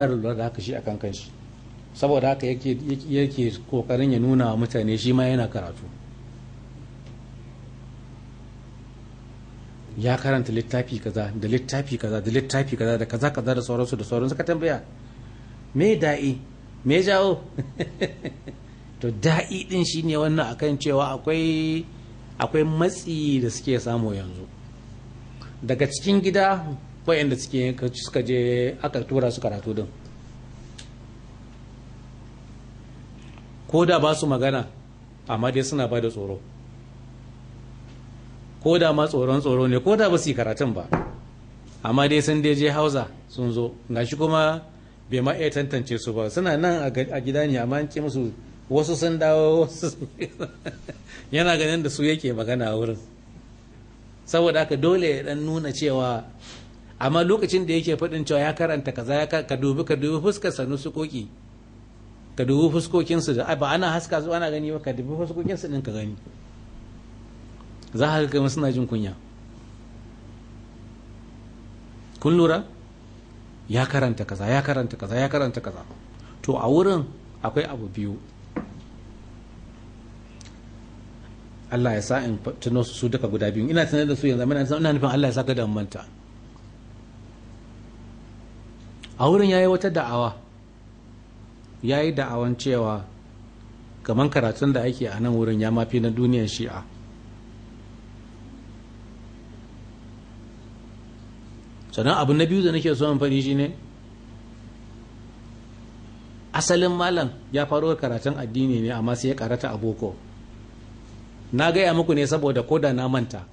fara lura da haka shi akan kanshi saboda haka yake yake kokarin ya nuna wa mutane shi ma yana karatu ya karanta littafi kaza da littafi kaza da littafi kaza da kaza kaza da sauransu da sauransu ka tambaya me da'i me jawo to da'i din ne wannan akan cewa akwai akwai matsi da suke samu yanzu daga cikin gida wayanda suke suka je aka tura su karatu din ko da ba su magana amma dai suna ba da tsoro ko da ma tsoron tsoro ne ko da ba su yi karatun ba amma dai sun dai je hausa sun zo gashi kuma bai ma iya tantance su ba suna nan a gida ne amma an ce musu wasu sun dawo wasu yana ganin da su yake magana a wurin saboda haka dole ya dan nuna cewa amma lokacin da yake faɗin cewa ya karanta kaza ya ka dubi ka dubi fuskar sanu su koki ka dubi fuskokin su da ba ana haska su ana gani ba ka dubi fuskokin su din ka gani za ka ga kuma suna jin kunya kun lura ya karanta kaza ya karanta kaza ya karanta kaza to a wurin akwai abu biyu Allah ya sa in tuno su duka guda biyu ina sanar da su yanzu ina nufin Allah ya sa ka da manta a wurin ya yi wata da'awa ya yi da'awan cewa kamar karatun da ake a nan wurin ya mafi na duniyar shi'a sannan abu na biyu da nake so in faɗi ne? asalin malam ya faro karatun addini ne amma sai ya karata a boko na gaya muku ne saboda koda na manta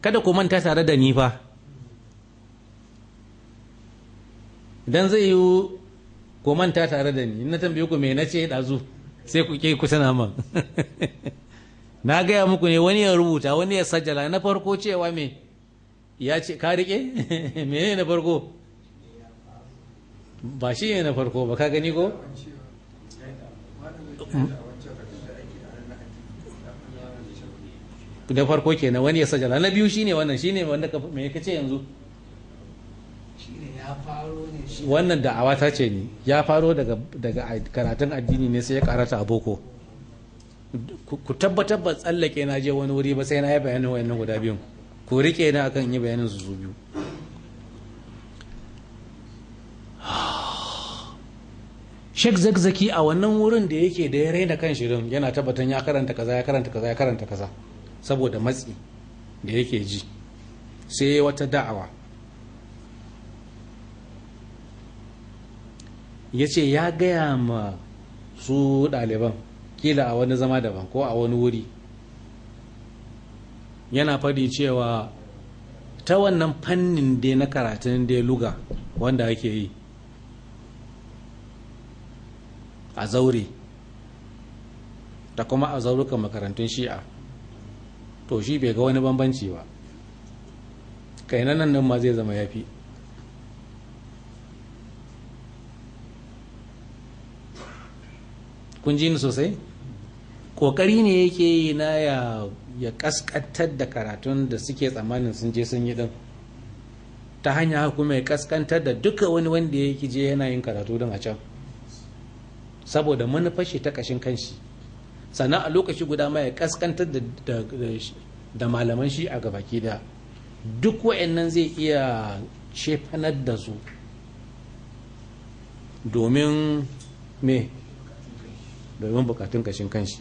kada ku manta tare da ni fa idan zai yi ko manta tare da ni na tambaye ku me na ce ɗazu sai ku ke kusa na man na gaya muku ne wani ya rubuta wani ya sajala na farko cewa me ya ce ka riƙe mene na farko ba shi ne na farko ba ka gani ko da farko kenan wani ya sajala na biyu shine wannan shine wanda me kace yanzu wannan da'awa ta ce ni ya faro daga karatun addini ne sai ya karata a boko ku tabbatar ba tsallake na je wani wuri ba sai na yi bayanin wayannan guda biyun ku rike na akan yi bayanin su biyu Sheikh Zakzaki a wannan wurin da yake da ya raina kan shirin yana tabbatar ya karanta kaza ya karanta kaza ya karanta kaza saboda matsi da yake ji sai wata da'awa ya ce ya gaya ma su ɗaliban kila a wani zama daban ko a wani wuri yana faɗi cewa ta wannan fannin da na karatun dai luga wanda ake yi a zaure da kuma a zaurukan makarantun shi'a to shi bai ga wani bambanci ba kai nan nan ma zai zama yafi kun ji ni sosai kokari ne yake yi na ya kaskantar da karatun da suke tsammanin sun je sun yi din ta hanya kuma ya kaskantar da duka wani wanda ya je yana yin karatu din a can saboda manufar ta kashin kanshi sannan a lokaci guda ma ya kaskantar da malaman shi a gabaki da duk wa'annan zai iya shefanar da su domin me domin bukatun kashin kanshi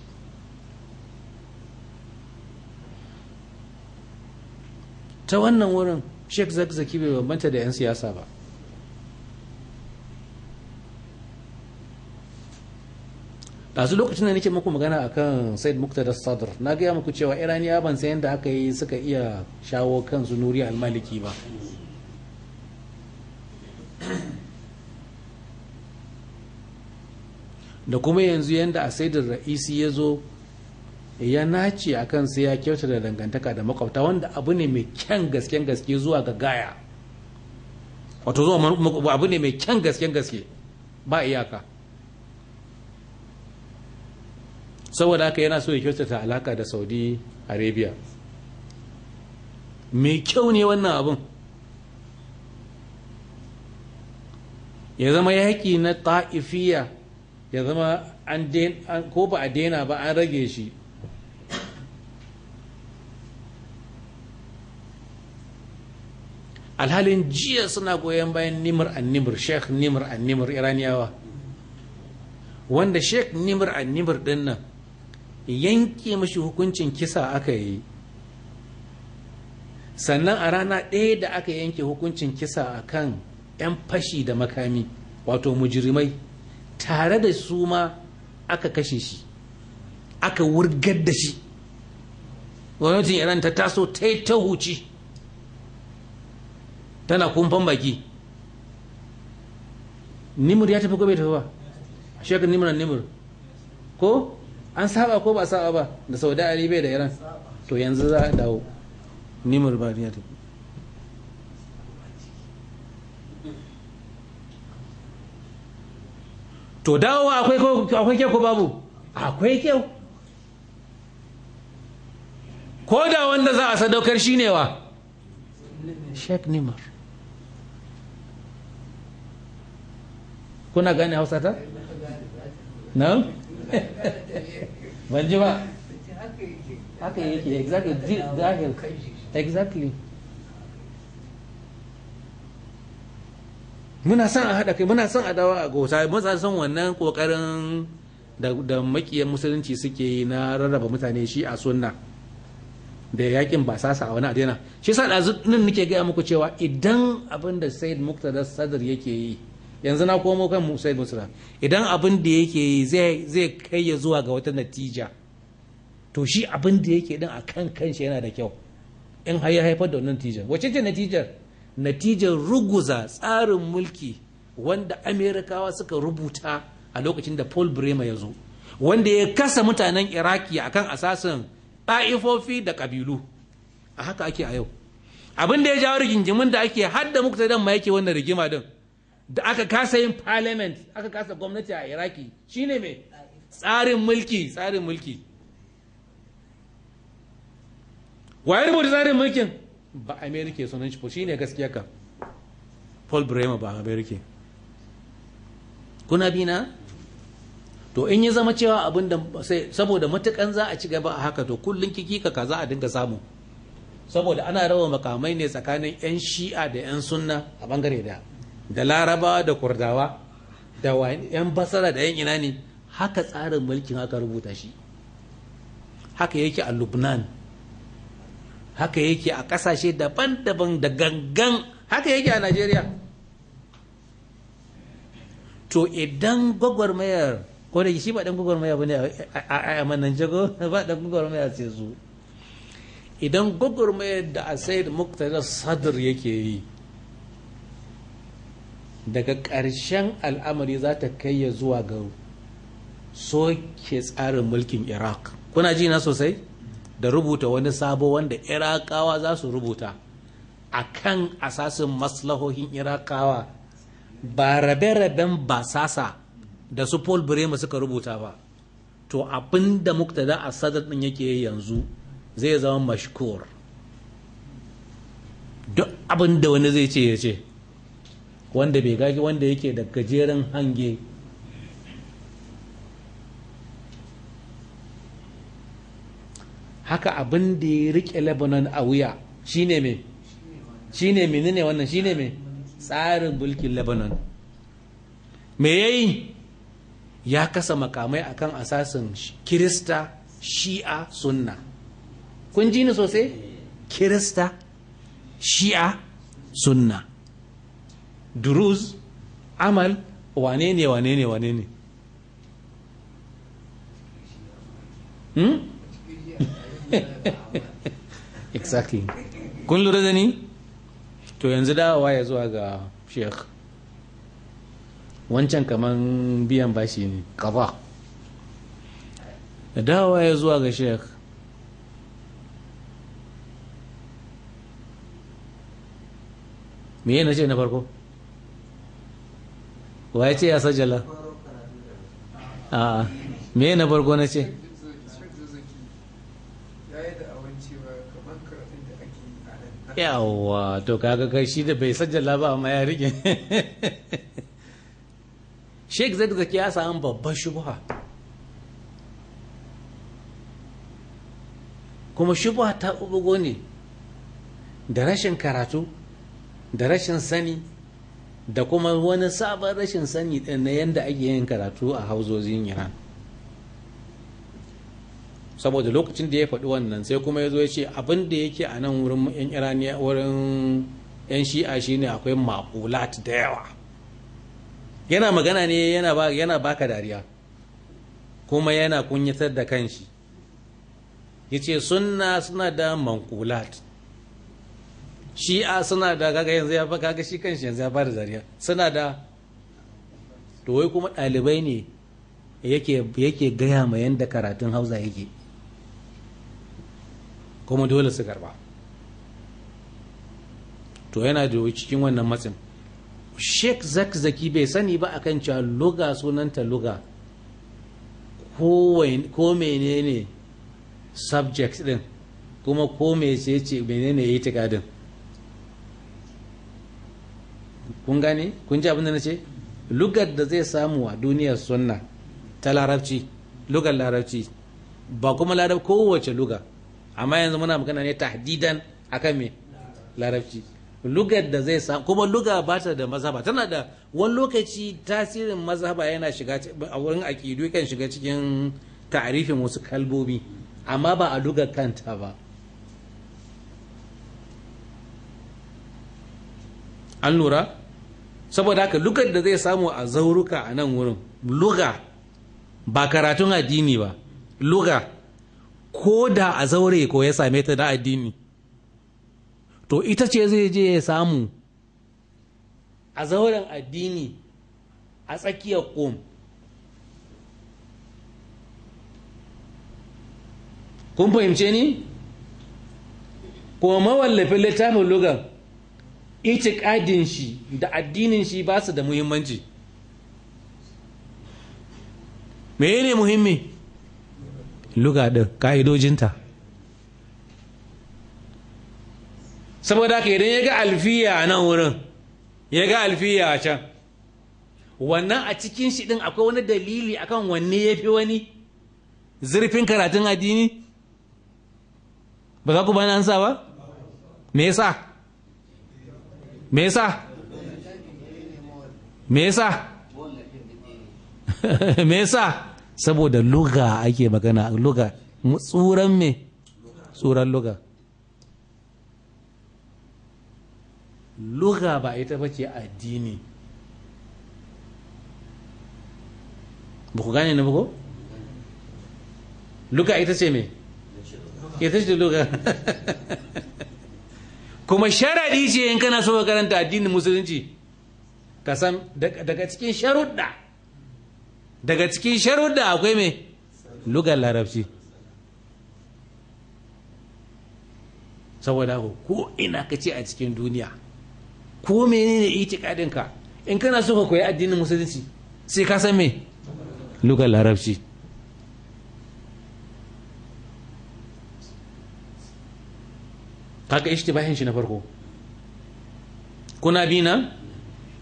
ta wannan wurin sheikh zakzaki bai bambanta da 'yan siyasa ba su lokacin da nake muku magana akan said muktada sadr na gaya muku cewa iraniya ban san yadda aka yi suka iya shawo kan zunuri almaliki ba da kuma yanzu yadda a da ra'isi ya zo ya nace a kan sai ya kyauta da dangantaka da makwabta wanda abu ne mai kyan gasken gaske zuwa ga gaya wato zuwa abu ne mai kyan gasken gaske ba iyaka saboda haka yana so ya kyautata alaka da saudi arabia mai kyau ne wannan abin ya zama yaƙi na ta'ifiya ya zama an ko ba a daina ba an rage shi alhalin jiya suna goyon bayan nimir annimir sheikh nimir annimir iraniyawa wanda sheikh nimir annimir din nan yanke mashi hukuncin kisa aka yi sannan a rana ɗaya da aka yanke hukuncin kisa akan 'yan fashi da makami wato mujirimai tare da su ma aka kashe shi aka wurgar da shi gwamnatin iran ta taso ta yi ta huci tana kumfan baki nimur ya tafi ko bai tafi ba shekar nimur nimur ko an saba ko ba saba ba da saudi arabia da iran to yanzu za a dawo nimur ba ya tafi to dawo akwai kyau ko babu akwai kyau ko da wanda za a sadaukar ne wa Sheikh Nimar kuna gane Hausa ta na ban ji ba haka yake exactly exactly muna son a haɗa kai muna son a dawa a Mun sa son wannan ƙoƙarin da makiyan musulunci suke yi na rarraba mutane shi a sunna da yakin ba sasa a wani adena shi sa da nan nake gaya muku cewa idan abin da Sayyid muktada sadar yake yi yanzu na komo kan Sayyid musulun idan abin da yake yi zai kai ya zuwa ga wata natija to shi abin da yake din a kan kanshi yana da kyau in har ya haifar da wannan natijar wacce ce natijar natijar ruguza tsarin mulki wanda amerikawa suka rubuta a lokacin da paul bremer ya zo wanda ya kasa mutanen iraki akan asasin ɗa'ifofi da ƙabilu a haka ake a yau abin da ya jawo rigingimin da ake hadda muktadan ma yake wannan rigima din da aka kasa yin parliament aka kasa gwamnati a iraki shine mai tsarin mulki tsarin mulki waye rubuta tsarin mulkin ba amerika sunan shi shi ne gaskiya ka paul bremer ba amerika kuna bina to in yi zama cewa abin da sai saboda matukan za a ci gaba a haka to kullum kiki ka za a dinga samu saboda ana rawa makamai ne tsakanin 'yan shi'a da 'yan sunna a bangare da da larabawa da kurdawa da 'yan basara da 'yan ina ne haka tsarin mulkin haka rubuta shi haka yake a lubnan haka yake a ƙasashe daban-daban da gangan haka yake a najeriya to idan gwagwarmayar ko da shi ba dan gwagwarmaya ba ne a amanan jago ba dan gwagwarmaya sai su idan gwagwarmayar da a sayar muktada sadr yake yi daga ƙarshen al'amari za ta kai ya zuwa ga soke tsarin mulkin iraq kuna ji na sosai da rubuta wani sabo wanda irakawa za su rubuta a kan asasin maslahohin irakawa ba rabe-raben basasa da su paul bremer suka rubuta ba to abin da muktada a sadar ɗin yake yanzu zai zama mashkur duk abin da wani zai ce ya ce wanda bai gaji wanda yake da gajeren hange haka abin da ya rike lebanon a wuya shine me shine me ne wannan shine me tsarin mulkin lebanon me ya yi ya kasa makamai akan asasin kirista shi'a sunna kun ji ni sosai kirista shi'a sunna duruz amal wane ne wane ne wane ne hmm? exactly kun lura da ni to yanzu dawowa ya zuwa ga sheikh wancan kaman biyan bashi ne kafa da dawowa ya zuwa ga sheikh me na ce na farko wa ya ce ya sajala a me na farko na ce yawwa to kaga kai shi da bai sajjala ba amma ya rike sheik zaki ya samu babban shubha kuma shubha ta ubugo ne da rashin karatu da rashin sani da kuma wani sabon rashin sani na yadda ake yin karatu a hauzozin iran saboda lokacin da ya faɗi wannan sai kuma ya zo ya ce abin da yake a nan wurin yan irani wurin yan shi'a shine akwai maƙulat da yawa yana magana ne yana baka dariya kuma yana kunyatar da kanshi ya ce sunna suna da maƙulat shi'a suna da kaga yanzu ya kaga shi kanshi yanzu ya fara dariya suna da to wai kuma ɗalibai ne yake gaya ma yadda karatun hausa yake kuma dole su karba to yana da cikin wannan matsin zak zaki bai sani ba akan cewa luga sunanta luga ko menene subject din kuma ko mece ce menene yi tikadin kun gane kun ji abin na ce lugar da zai samu a duniyar sunna ta larabci lugar larabci ba kuma larabci kowace lugar amma yanzu muna magana ne tahdidan akan me larabci lugar da zai samu kuma luga ba ta da mazhaba tana da wani lokaci tasirin mazhaba yana shiga a wurin aƙidu kan shiga cikin ta'arifin wasu kalbobi amma ba a lugar kanta ba an lura saboda haka lugar da zai samu a zauruka a nan wurin luga ba karatun addini ba luga ko da a zaure ko ya same ta da addini to ita ce zai je ya samu a zauren addini a tsakiyar kom kun fahimce ni Kuma mawallafin littafin lugan itikadin shi da addinin shi ba su da muhimmanci me ne muhimmi luga ɗin ƙa'idojinta saboda haka idan ya ga alfiya a nan wurin ya ga alfiya a can wannan a cikin shi ɗin akwai wani dalili akan wanne ya fi wani zurfin karatun addini ba za ku bani ansa ba me yasa me yasa me yasa me yasa saboda luga ake magana luga tsuran me tsuran luga luga ba ita ba ce addini ba ku gane na buko? luga ita ce me? ita ce luga kuma sharaɗi ce in kana so ka karanta addinin musulunci ka san daga cikin sharuɗa daga cikin sharuɗa akwai mai lugar larabci saboda ko ina ka ce a cikin duniya ko menene itikadinka in kana so ka koyi addinin musulunci sai ka san me lugar larabci kaga ishtibahin shi na farko kuna bi nan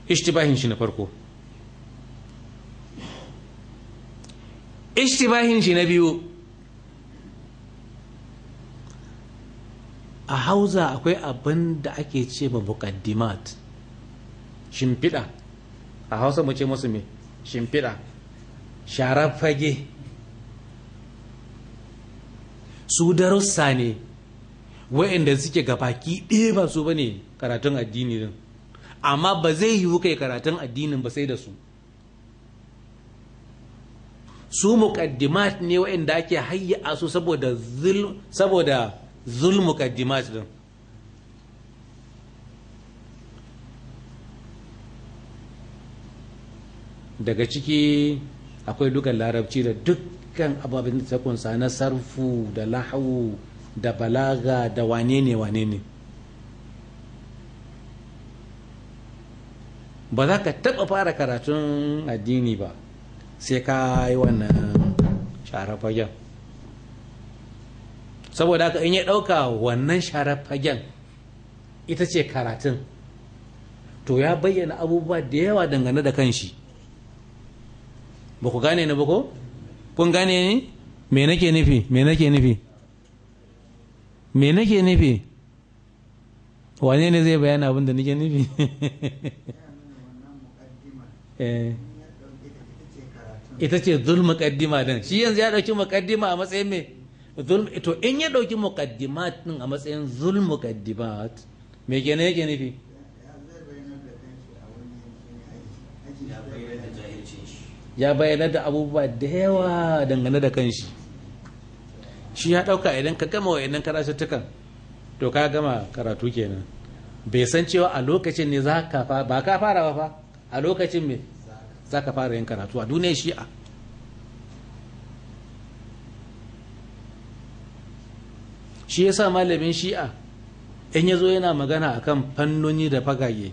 ishtibahin shi na farko ishtibahin shi na biyu a hauza akwai abin da ake ce ba muqaddimat shimfiɗa a hausa mu ce musu me shimfiɗa sharar fage su darussa ne wa'inda suke gabaki ɗaya ba su ba ne karatun addini din amma ba zai yiwu kai karatun addinin ba sai da su su muqaddimat ne waɗanda ake a su saboda zul saboda zul din daga ciki akwai dukkan larabci da dukkan ababen da ta kunsa na sarfu da lahawu da balaga da wane ne wane ne ba za ka taɓa fara karatun addini ba sai ka yi wannan share fagen saboda haka in ya ɗauka wannan share fagen ita ce karatun to ya bayyana abubuwa da yawa dangane da kanshi ba ku gane ni ba ko kun gane ni me nake nufi me nake nufi me nake nufi wane ne zai bayana abin da nake nufi eh ita ce zul kaddima din shi yanzu ya dauki muqaddima a matsayin me zul to in ya dauki muqaddimat din a matsayin zul kaddima me kenan yake nufi ya bayyana da abubuwa da yawa dangane da kanshi shi ya dauka idan ka gama karatu karatuttukan to ka gama karatu kenan bai san cewa a lokacin ne za ka fa ba ka fara ba fa a lokacin me za ka fara yin karatu a duniyar shi'a shi yasa malamin shi'a in ya zo yana magana akan fannoni da fagage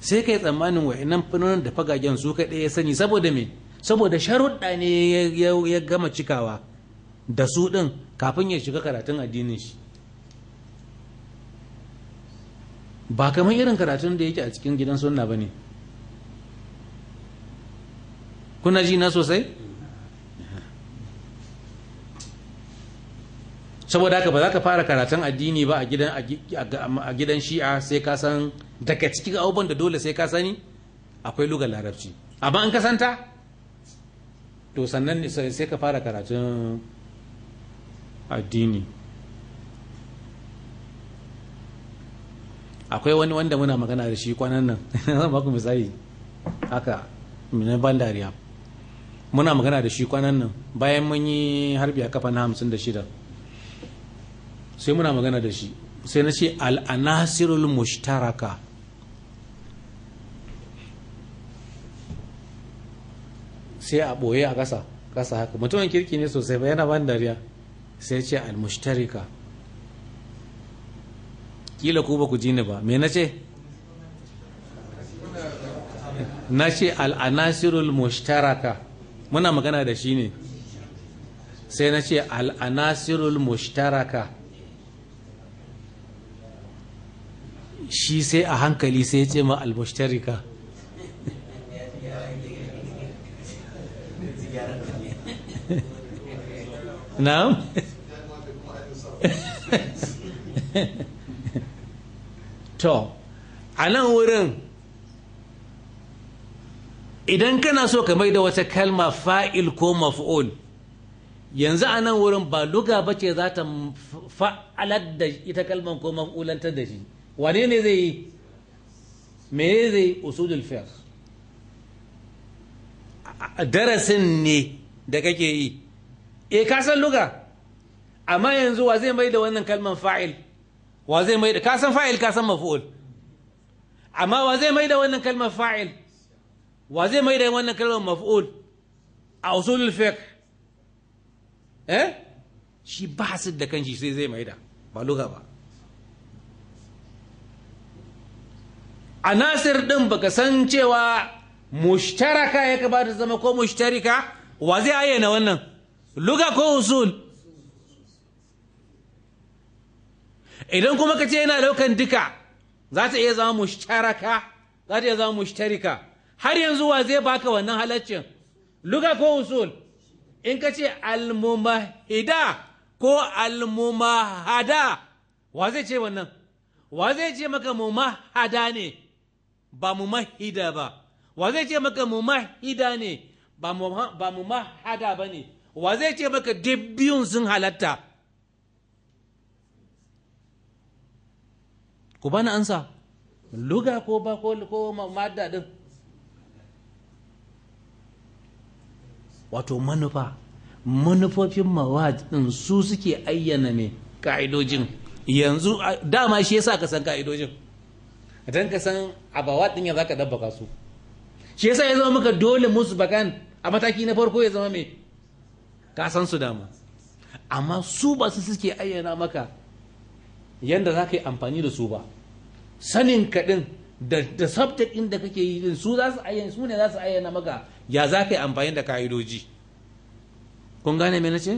sai kai tsammanin wa'annan fannonin da fagagen su kaɗai ya sani saboda me saboda sharuɗa ne ya gama cikawa da su ɗin kafin ya shiga karatun addinin shi ba kamar irin karatun da yake a cikin gidan sunna ba ne kuna ji na sosai saboda haka ba za ka fara karatun addini ba a gidan shi'a sai ka san daga cikin abubuwan da dole sai ka sani akwai lugar larabci amma an kasanta to sannan sai ka fara karatun addini akwai wani wanda muna magana da shi kwanan nan zan baku misali haka na ban dariya muna magana da shi kwanan nan bayan mun yi harbi a kafa na hamsin da shida sai muna magana da shi sai na ce al'anasirul mushtaraka sai a ɓoye a ƙasa ƙasa haka mutumin kirki ne sosai ba yana ban dariya sai ce al-mushtarika kila ku ba ku ji ni ba me na ce na ce al-anasirul mushtaraka muna magana da shi ne sai na ce al'anasirul mushtaraka shi sai a hankali sai ce ma al-mushtarika na'am to a nan wurin idan kana so ka mai da wata kalma fa'il ko maf'ul yanzu a nan wurin ba luga ba ce za ta fa'alar da ita kalman ko maf'ulantar da shi wane ne zai yi me zai usulul fiqh darasin ne da kake yi e ka san luga amma yanzu wa zai mai da wannan kalman fa'il wa zai mai da ka san fa'il ka san maf'ul amma wa zai mai da wannan kalman fa'il wa zai mai da wannan kalmar maf'ul a usulul fiqh eh shi ba su da kanshi sai zai mai da ba lugha ba a nasir din baka san cewa mushtaraka ya ka ba da zama ko mushtarika wa zai ayyana wannan luka ko usul idan kuma ka ce yana daukan duka za ta iya zama mushtaraka za ta iya zama mushtarika har yanzu wa zai baka wannan halaccin luga ko usul in ka ce almumahida ko almumahada wa zai ce wannan wa zai ce maka mumahada ne ba mumahida ba wa zai ce maka mumahida ne ba mumahada ba ne wa zai ce maka biyun sun halatta ku bani ansa luga ko ba ko madda din wato manufa manufofin mawad din su suke ayyana ne ka'idojin yanzu dama shi yasa ka san ka'idojin dan ka san abawad din ya zaka dabbaka su shi yasa ya zama maka dole musu bakan a mataki na farko ya zama me ka san su dama amma su ba su suke ayyana maka yanda za ka yi amfani da su ba sanin kaɗin da subject inda da kake yi su za su ayyana su ne za su ayyana maka ya za ka yi amfani da ka'idoji kun gane me na ce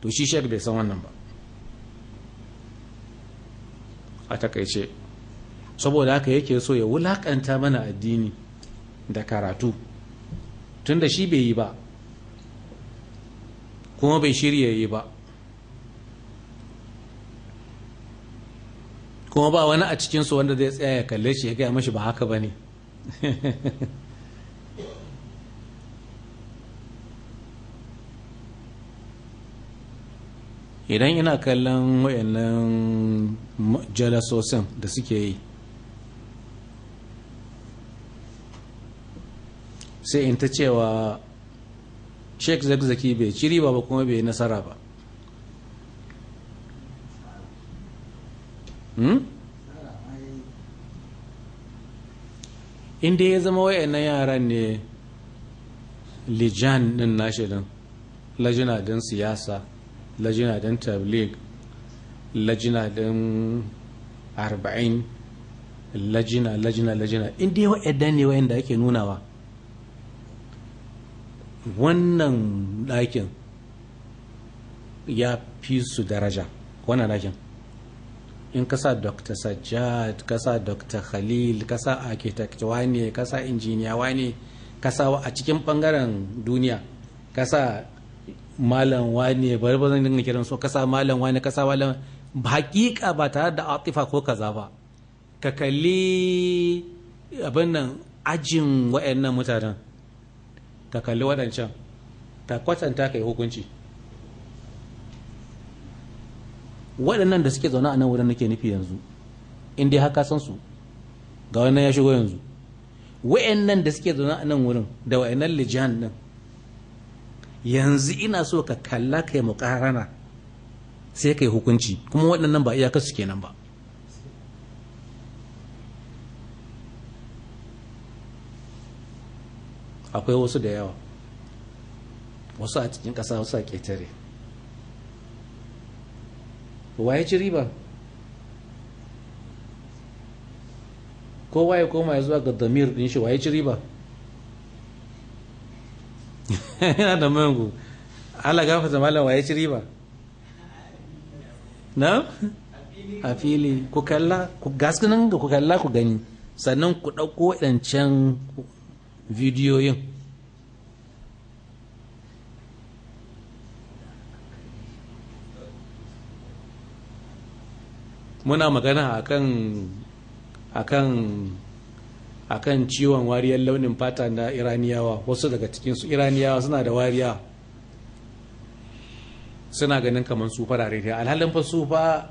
to shi shek bai san wannan ba a takaice saboda haka yake so ya wulakanta mana addini da karatu tun da shi bai yi ba kuma bai shirya yi ba kuma ba wani a cikinsu wanda zai tsaya ya kalle shi ya gaya mashi ba haka ba ne idan ina kallon wayannan jalasosin da suke yi sai in ta cewa sheik zakzaki bai ci riba ba kuma bai nasara ba hmm? inda ya zama wayannan yaran ne lijan din nashi din lajina din siyasa lajina don tablig lajina don arba'in lajina lajina lajina inda yawa wa'adan ne ake nunawa wannan ɗakin ya fi su daraja wannan ɗakin in kasa dr sajjad kasa dr khalil kasa architect wane kasa injiniya wane kasa a cikin bangaren duniya kasa malam wane bari ba zan dinga kiran so kasa malam wane kasa malam hakika ba tare da atifa ko kaza ba ka kalli abin nan ajin wa'annan mutanen ka kalli waɗancan ta kwatanta ka yi hukunci waɗannan da suke zaune a nan wurin nake nufi yanzu in dai haka san su ga wannan ya shigo yanzu wa'annan da suke zaune a nan wurin da wa'annan lijihan nan yanzu ina so ka kalla kai muƙarana sai kai hukunci kuma waɗannan ba iyakar su kenan ba akwai wasu da yawa wasu a cikin ƙasa wasu a ƙetare waye ci riba kowa ya koma ya zuwa ga damir ɗin shi waye ci riba yana da mangu ala gafata malam waye ci riba na a fili ku kalla ku gaskinan ku kalla ku gani sannan ku ɗauko waɗancan bidiyoyin muna magana akan akan akan ciwon wariyar launin fata na iraniyawa wasu daga cikinsu iraniyawa suna da wariya suna ganin kamar su farare ne alhalin fa su fa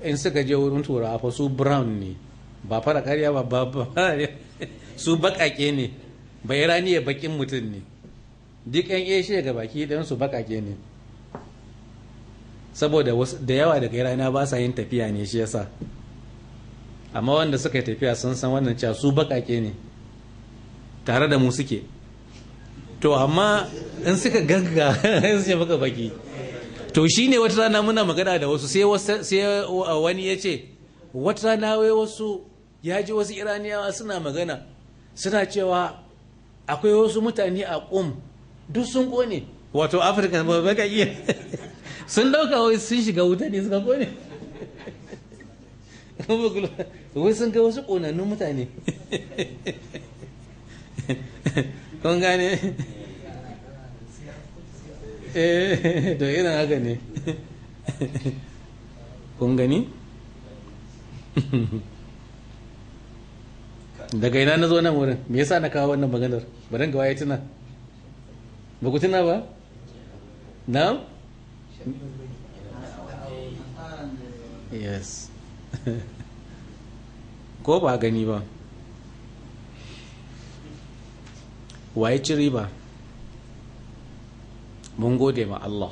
in suka je wurin turawa fa su brown ne ba fara karya ba ba su bakake ne ba iraniya bakin mutum ne duk yan asia ga baki dan su bakake ne saboda da yawa daga iraniya ba sa yin tafiya ne shi yasa amma wanda suka yi tafiya sun san wannan cewa su bakake ne tare da mu suke to amma in suka ganga in suke baka baki to shine wata rana muna magana da wasu sai wani ya ce wata rana wai wasu ya ji wasu iraniyawa suna magana suna cewa akwai wasu mutane a kum duk sun kone wato afirka ba baka iya sun dauka wai sun shiga wuta ne suka kone wai sun ga wasu ƙonannun mutane kun gane eh to irin haka ne kun gani daga ina na zo nan wurin me yasa na kawo wannan maganar barin gawa ya tuna ba ku tuna ba na yes ko ba gani ba waye ci riba mun gode ma Allah